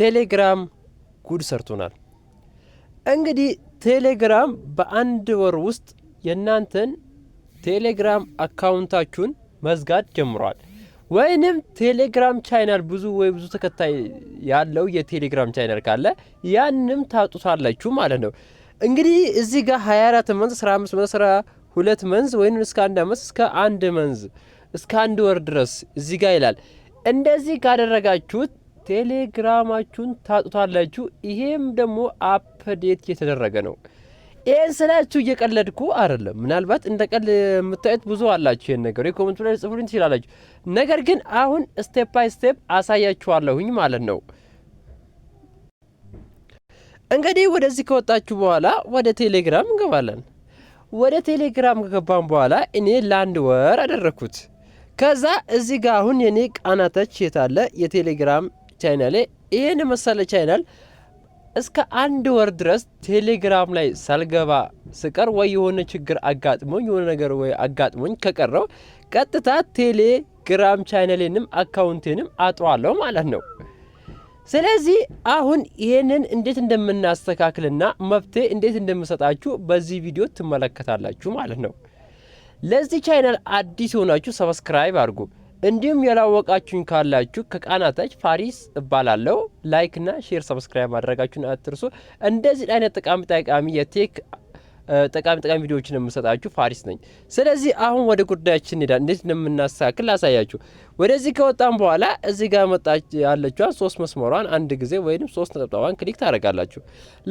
ቴሌግራም ጉድ ሰርቶናል። እንግዲህ ቴሌግራም በአንድ ወር ውስጥ የእናንተን ቴሌግራም አካውንታችሁን መዝጋት ጀምሯል። ወይንም ቴሌግራም ቻይናል ብዙ ወይ ብዙ ተከታይ ያለው የቴሌግራም ቻይናል ካለ ያንም ታጡታላችሁ ማለት ነው። እንግዲህ እዚህ ጋር 24 መንዝ፣ 15 መንዝ፣ 12 መንዝ ወይም እስከ አንድ አመት እስከ አንድ መንዝ እስከ አንድ ወር ድረስ እዚህ ጋር ይላል። እንደዚህ ካደረጋችሁት ቴሌግራማችሁን ታጡታላችሁ። ይሄም ደግሞ አፕዴት እየተደረገ ነው። ይህን ስላችሁ እየቀለድኩ አይደለም። ምናልባት እንደ ቀል የምታዩት ብዙ አላችሁ። ይህን ነገር የኮመንቱ ላይ ጽፉልኝ ትችላላችሁ። ነገር ግን አሁን ስቴፕ ባይ ስቴፕ አሳያችኋለሁኝ ማለት ነው። እንግዲህ ወደዚህ ከወጣችሁ በኋላ ወደ ቴሌግራም እንገባለን። ወደ ቴሌግራም ከገባን በኋላ እኔ ለአንድ ወር አደረግኩት። ከዛ እዚህ ጋር አሁን የኔ ቃናተች የታለ የቴሌግራም ቻይናል ላይ ይህን የመሰለ ቻይናል እስከ አንድ ወር ድረስ ቴሌግራም ላይ ሳልገባ ስቀር ወይ የሆነ ችግር አጋጥሞኝ የሆነ ነገር ወይ አጋጥሞኝ ከቀረው ቀጥታ ቴሌግራም ቻይናሌንም አካውንቴንም አጥሯለሁ ማለት ነው። ስለዚህ አሁን ይህንን እንዴት እንደምናስተካክልና መፍትሄ እንዴት እንደምሰጣችሁ በዚህ ቪዲዮ ትመለከታላችሁ ማለት ነው። ለዚህ ቻይናል አዲስ የሆናችሁ ሰብስክራይብ አድርጉ። እንዲሁም ያላወቃችሁኝ ካላችሁ ከቃናታች ፋሪስ እባላለሁ። ላይክና ሼር ሰብስክራይብ ማድረጋችሁን አትርሱ። እንደዚህ አይነት ጠቃሚ ጠቃሚ የቴክ ጠቃሚ ጠቃሚ ቪዲዮዎችን የምሰጣችሁ ፋሪስ ነኝ። ስለዚህ አሁን ወደ ጉዳያችን እንሄዳለን። እንዴት እንደምናስተካክል ላሳያችሁ። ወደዚህ ከወጣን በኋላ እዚህ ጋር መጣ ያለችዋን ሶስት መስመሯን አንድ ጊዜ ወይም ሶስት ነጠብጣቧን ክሊክ ታደረጋላችሁ።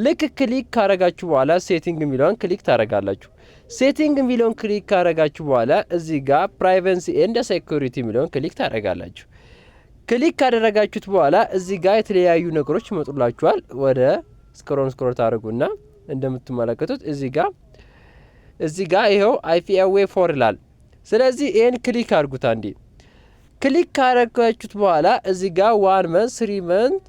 ልክ ክሊክ ካረጋችሁ በኋላ ሴቲንግ የሚለውን ክሊክ ታደረጋላችሁ። ሴቲንግ የሚለውን ክሊክ ካረጋችሁ በኋላ እዚህ ጋር ፕራይቨንሲ ኤንድ ሴኩሪቲ የሚለውን ክሊክ ታደረጋላችሁ። ክሊክ ካደረጋችሁት በኋላ እዚህ ጋር የተለያዩ ነገሮች ይመጡላችኋል። ወደ ስክሮን ስክሮን ታደርጉና እንደምትመለከቱት እዚህ ጋር እዚህ ጋር ይኸው አይፒ ፎር ይላል። ስለዚህ ይህን ክሊክ አድርጉት አንዴ። ክሊክ ካረጋችሁት በኋላ እዚህ ጋር ዋን መንት ስሪ መንት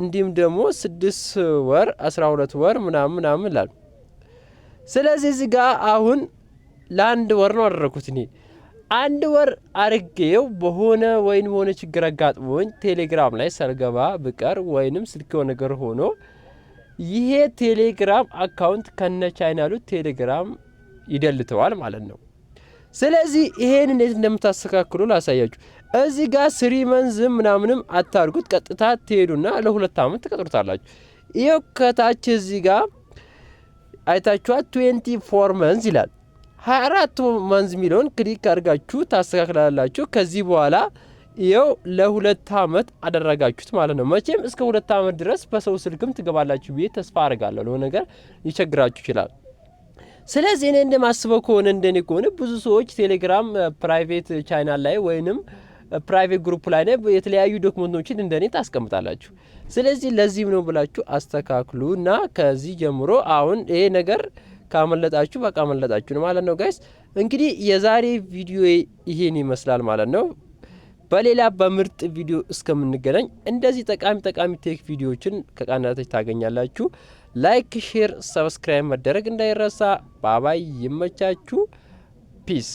እንዲሁም ደግሞ ስድስት ወር አስራ ሁለት ወር ምናምን ምናምን ይላል። ስለዚህ እዚህ ጋር አሁን ለአንድ ወር ነው አደረኩት እኔ አንድ ወር አርጌው በሆነ ወይም የሆነ ችግር አጋጥሞኝ ቴሌግራም ላይ ሳልገባ ብቀር ወይንም ስልክ ነገር ሆኖ ይሄ ቴሌግራም አካውንት ከነ ቻይናሉ ቴሌግራም ይደልተዋል ማለት ነው። ስለዚህ ይሄን እንዴት እንደምታስተካክሉ ላሳያችሁ። እዚህ ጋር ስሪ መንዝ ምናምንም አታርጉት። ቀጥታ ትሄዱና ለሁለት ዓመት ትቀጥሩታላችሁ። ይኸው ከታች እዚህ ጋር አይታችኋት 24 ፎር መንዝ ይላል። 24 መንዝ የሚለውን ክሊክ አድርጋችሁ ታስተካክላላችሁ። ከዚህ በኋላ ይኸው ለሁለት አመት አደረጋችሁት ማለት ነው። መቼም እስከ ሁለት አመት ድረስ በሰው ስልክም ትገባላችሁ ብዬ ተስፋ አድርጋለሁ። ለሆነ ነገር ይቸግራችሁ ይችላል። ስለዚህ እኔ እንደማስበው ከሆነ እንደኔ ከሆነ ብዙ ሰዎች ቴሌግራም ፕራይቬት ቻናል ላይ ወይንም ፕራይቬት ግሩፕ ላይ የተለያዩ ዶክመንቶችን እንደኔ ታስቀምጣላችሁ። ስለዚህ ለዚህም ነው ብላችሁ አስተካክሉ እና ከዚህ ጀምሮ አሁን ይሄ ነገር ካመለጣችሁ በቃ አመለጣችሁ ነው ማለት ነው። ጋይስ እንግዲህ የዛሬ ቪዲዮ ይሄን ይመስላል ማለት ነው። በሌላ በምርጥ ቪዲዮ እስከምንገናኝ እንደዚህ ጠቃሚ ጠቃሚ ቴክ ቪዲዮዎችን ከቃናቶች ታገኛላችሁ። ላይክ፣ ሼር፣ ሰብስክራይብ መደረግ እንዳይረሳ። ባባይ ይመቻችሁ። ፒስ